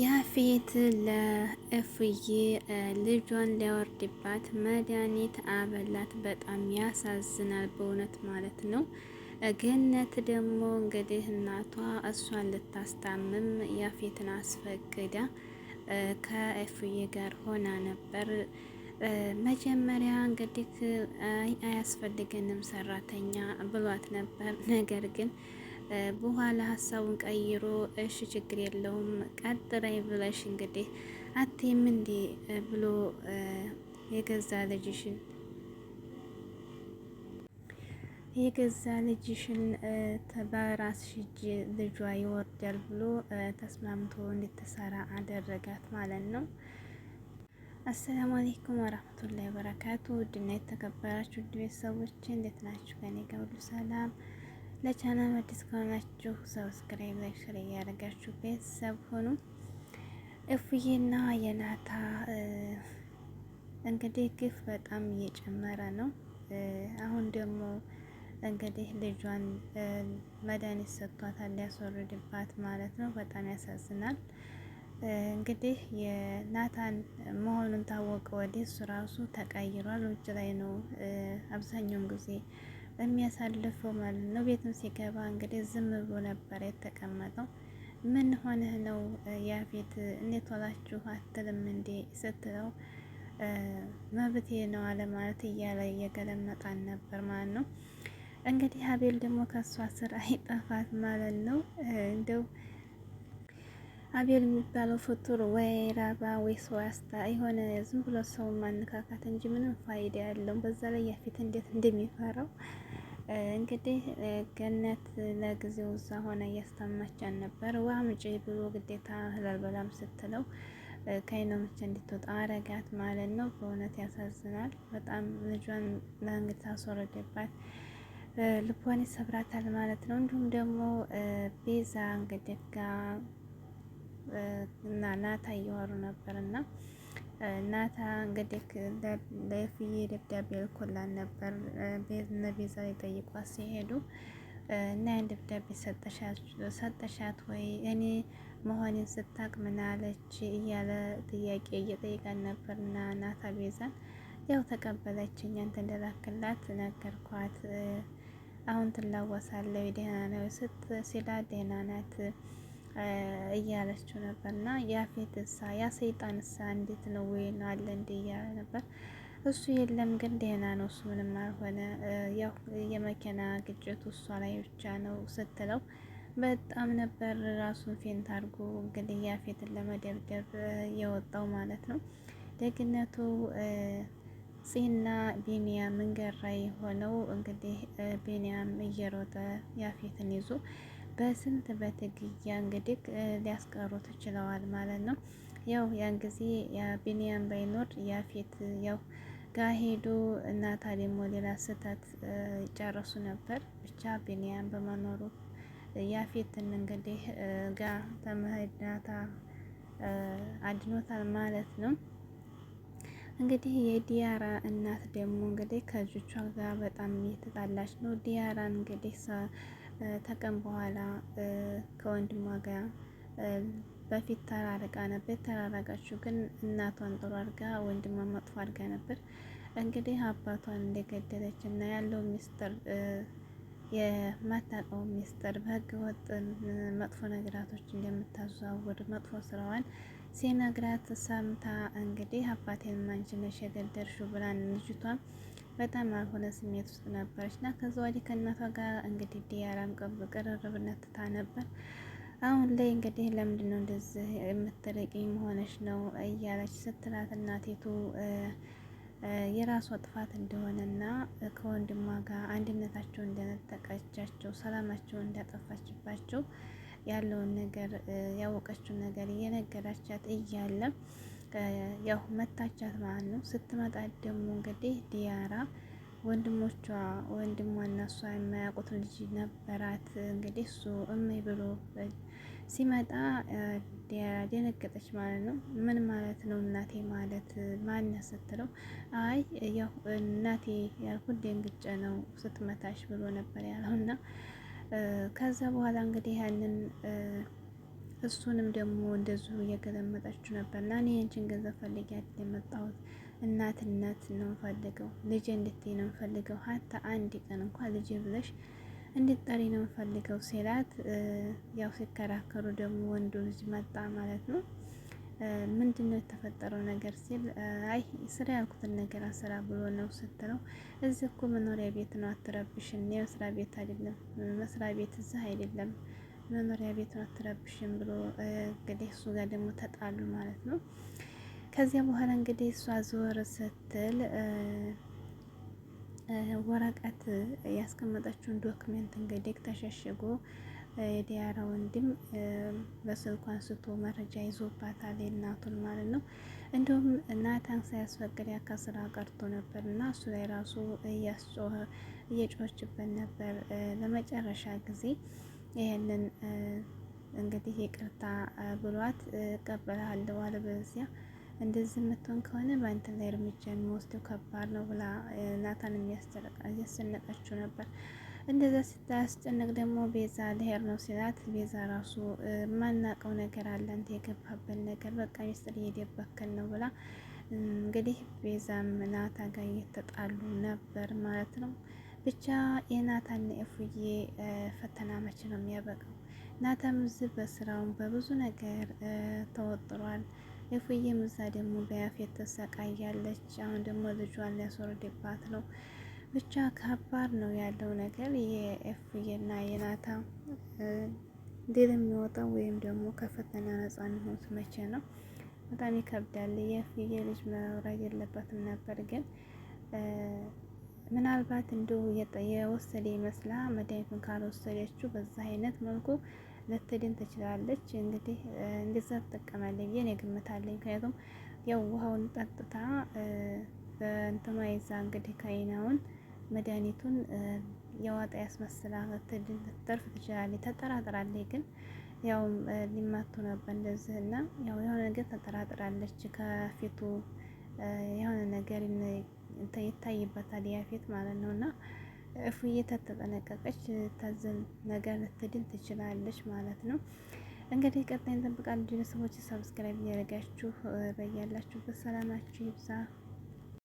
ያፌት ለእፍዬ ልጇን ሊያወርድባት መድኃኒት አበላት። በጣም ያሳዝናል በእውነት ማለት ነው። ገነት ደግሞ እንግዲህ እናቷ እሷን ልታስታምም ያፌትን አስፈቅዳ ከእፍዬ ጋር ሆና ነበር። መጀመሪያ እንግዲህ አያስፈልገንም ሰራተኛ ብሏት ነበር። ነገር ግን በኋላ ሀሳቡን ቀይሮ እሺ ችግር የለውም ቀጥረኝ ብለሽ እንግዲህ አትይም እንዲ ብሎ የገዛ ልጅሽን የገዛ ልጅሽን በራስሽ እጅ ልጇ ይወርዳል ብሎ ተስማምቶ እንድትሰራ አደረጋት ማለት ነው። አሰላሙ አሌይኩም ወራህመቱላሂ ወበረካቱ። ውድና የተከበራችሁ ውድ ቤተሰቦች እንዴት ናችሁ? ከኔ ጋር ሁሉ ሰላም ለቻናል አዲስ ከሆናችሁ ሰብስክራይብ፣ ላይክ፣ ሼር እያደረጋችሁ ቤተሰብ ሆኑ። እፉዬና የናታ እንግዲህ ግፍ በጣም እየጨመረ ነው። አሁን ደግሞ እንግዲህ ልጇን መድኃኒት ሰጥቷታል ሊያስወርድባት ማለት ነው። በጣም ያሳዝናል። እንግዲህ የናታን መሆኑን ታወቀ ወዲህ እሱ ራሱ ተቀይሯል። ውጭ ላይ ነው አብዛኛውን ጊዜ የሚያሳልፈው ማለት ነው። ቤትም ሲገባ እንግዲህ ዝም ብሎ ነበር የተቀመጠው። ምን ሆነህ ነው ያፌት እንዴት ዋላችሁ አትልም እንዴ ስትለው መብቴ ነው አለ ማለት እያለ እየገለመጣን ነበር ማለት ነው። እንግዲህ አቤል ደግሞ ከእሷ ስር አይጠፋት ማለት ነው። እንደው አቤል የሚባለው ፍጡር ወይ ራባ ወይ ሰው ያስታ የሆነ ዝም ብሎ ሰውን ማነካካት እንጂ ምንም ፋይዳ ያለው በዛ ላይ ያፌት እንዴት እንደሚፈራው እንግዲህ ገነት ለጊዜው እዛ ሆነ እያስታመቻን ነበር። ውሃ ምጪ ብሎ ግዴታ እህል በላም ስትለው ከይኖምች እንድትወጣ አረጋት ማለት ነው። በእውነት ያሳዝናል በጣም ልጇን ለእንግዲህ አስወረደባት። ልቧን ይሰብራታል ማለት ነው። እንዲሁም ደግሞ ቤዛ እንግዲህ ጋ እና ናታ እያወሩ ነበር እና ናታ እንግዲህ ለፍዬ ደብዳቤ ልኮላን ነበር። እነ ቤዛ ሊጠይቋት ሲሄዱ እና ያን ደብዳቤ ሰጠሻት ወይ እኔ መሆኔን ስታቅ ምናለች እያለ ጥያቄ እየጠየቃን ነበር። እና ናታ ቤዛን ያው ተቀበለችኝ፣ አንተ እንደላክላት ነገርኳት። አሁን ትላወሳለሁ ደህና ነው ስት ሲላ ደህና ናት እያለችው ነበር። እና ያፌት ያ ሰይጣን እንዴት ነው ወይን አለ እንዴ እያለ ነበር። እሱ የለም ግን ደህና ነው፣ እሱ ምንም አልሆነ። ያው የመኪና ግጭቱ እሷ ላይ ብቻ ነው ስትለው በጣም ነበር ራሱን ፌንት አድርጎ እንግዲህ ያፌትን ለመደብደብ የወጣው ማለት ነው። ደግነቱ ጽና ቢንያም እንገራ የሆነው እንግዲህ ቢንያም እየሮጠ ያፌትን ይዞ በስንት በትግያ እንግዲህ ሊያስቀሩት ችለዋል ማለት ነው። ያው ያን ጊዜ ቢንያም ባይኖር ያፌት ያው ጋሄዱ እና ታዲሞ ሌላ ስህተት ጨረሱ ነበር። ብቻ ቢንያም በመኖሩ ያፌትን እንግዲህ ጋ ተመህዳታ አድኖታል ማለት ነው። እንግዲህ የዲያራ እናት ደግሞ እንግዲህ ከልጆቿ ጋር በጣም እየተጣላች ነው። ዲያራን እንግዲህ ተቀም በኋላ ከወንድሟ ጋር በፊት ተራርቃ ነበር። ተራራቃችሁ ግን እናቷን ጥሩ አድርጋ ወንድሟን መጥፎ አድርጋ ነበር። እንግዲህ አባቷን እንደገደለች እና ያለው ሚስጥር የማታውቀው ሚስጥር በህገ ወጥ መጥፎ ነገራቶች እንደምታዘዋውር መጥፎ ስራዋን ሲነግራት ሰምታ እንግዲህ አባቴን ማንችነሽ የገደርሹ ብላን ልጅቷን በጣም ያልሆነ ስሜት ውስጥ ነበረች እና ከዛ ወዲህ ከእናቷ ጋር እንግዲህ ዲያራም ቅርርብነት ትታ ነበር። አሁን ላይ እንግዲህ ለምንድን ነው እንደዚህ የምትርቂኝ መሆንሽ ነው እያለች ስትላት እናቴቱ የራሷ ጥፋት እንደሆነና ከወንድሟ ጋር አንድነታቸው እንደነጠቀቻቸው ሰላማቸው እንዳጠፋችባቸው ያለውን ነገር ያወቀችው ነገር እየነገራቻት እያለም ያው መታቻት ማለት ነው። ስትመጣ ደግሞ እንግዲህ ዲያራ ወንድሞቿ ወንድሟ እና እሷ የማያውቁት ልጅ ነበራት። እንግዲህ እሱ እምይ ብሎ ሲመጣ ዲያራ ደነገጠች ማለት ነው። ምን ማለት ነው እናቴ ማለት ማነህ ስትለው፣ አይ ያው እናቴ ያልኩት ደንግጬ ነው ስትመታሽ ብሎ ነበር ያለው እና ከዛ በኋላ እንግዲህ ያንን እሱንም ደግሞ እንደዚሁ እየገለመጠችው ነበር እና እኔ አንቺን ገንዘብ ፈልጌ አይደል የመጣሁት እናትነት ነው ፈልገው ልጄ እንድትይ ነው ፈልገው ሀታ አንድ ቀን እንኳ ልጄ ብለሽ እንድትጠሪ ነው ፈልገው ሲላት፣ ያው ሲከራከሩ ደግሞ ወንዱ ልጅ መጣ ማለት ነው። ምንድን ነው የተፈጠረው ነገር ሲል አይ ስራ ያልኩትን ነገር አሰራ ብሎ ነው ስትለው፣ እዚህ እኮ መኖሪያ ቤት ነው አትረብሽን። የመስሪያ ቤት አይደለም መስሪያ ቤት እዚህ አይደለም መኖሪያ ቤቱን አትረብሽም ብሎ እንግዲህ እሱ ጋር ደግሞ ተጣሉ ማለት ነው። ከዚያ በኋላ እንግዲህ እሷ ዞር ስትል ወረቀት ያስቀመጠችውን ዶክሜንት እንግዲህ ተሸሽጎ የዲያራ ወንድም በስልኩ አንስቶ መረጃ ይዞባታል የእናቱን ማለት ነው። እንዲሁም ናታን ሳያስፈቅድ ስራ ቀርቶ ነበር እና እሱ ላይ ራሱ እያስጮኸ እየጮኸችበት ነበር ለመጨረሻ ጊዜ ይህንን እንግዲህ ይቅርታ ብሏት እቀበልሃለሁ፣ በዚያ እንደዚህ የምትሆን ከሆነ በአንተ ላይ እርምጃ የሚወስደው ከባድ ነው ብላ ናታን እያስጨነቀችው ነበር። እንደዛ ስታስጨንቅ ደግሞ ቤዛ ልሄድ ነው ሲላት፣ ቤዛ ራሱ የማናውቀው ነገር አለ አንተ የገባበት ነገር በቃ ሚስጥር እየደበከን ነው ብላ እንግዲህ ቤዛም ናታ ጋር እየተጣሉ ነበር ማለት ነው። ብቻ የናታን እፉዬ ፈተና መቼ ነው የሚያበቃው? ናታም እዚህ በስራውን በብዙ ነገር ተወጥሯል። እፉዬም እዛ ደግሞ በያፌት ተሰቃያለች። አሁን ደግሞ ልጇን ሊያስወርድባት ነው። ብቻ ከባድ ነው ያለው ነገር የእፉዬና የናታ ድል የሚወጣው ወይም ደግሞ ከፈተና ነጻ የሚሆኑት መቼ ነው? በጣም ይከብዳል። የእፉዬ ልጅ መውረድ የለበትም ነበር ግን ምናልባት እንዲሁ የወሰደ ይመስላ መድኃኒቱን ካልወሰደችው በዛ አይነት መልኩ ልትድን ትችላለች። እንግዲህ እንደዛ ትጠቀማለች ብዬ እኔ እገምታለሁ። ምክንያቱም ያው ጠጥታ በእንትኗ ይዛ እንግዲህ ከይናውን መድኃኒቱን የዋጣ ያስመስላ ልትድን ልትተርፍ ትችላለች። ተጠራጥራለች ግን ያው ሊማቱ ነበር እንደዚህ እና ያው የሆነ ነገር ተጠራጥራለች። ከፊቱ የሆነ ነገር ይታይበታል ያፌት ማለት ነው። እና እፉዬ ተጠነቀቀች ታዘን ነገር ልትድን ትችላለች ማለት ነው። እንግዲህ ቀጣይ እንጠብቃለን። ቤተሰቦች ሰብስክራይብ እያደረጋችሁ በያላችሁበት ሰላማችሁ ይብዛ።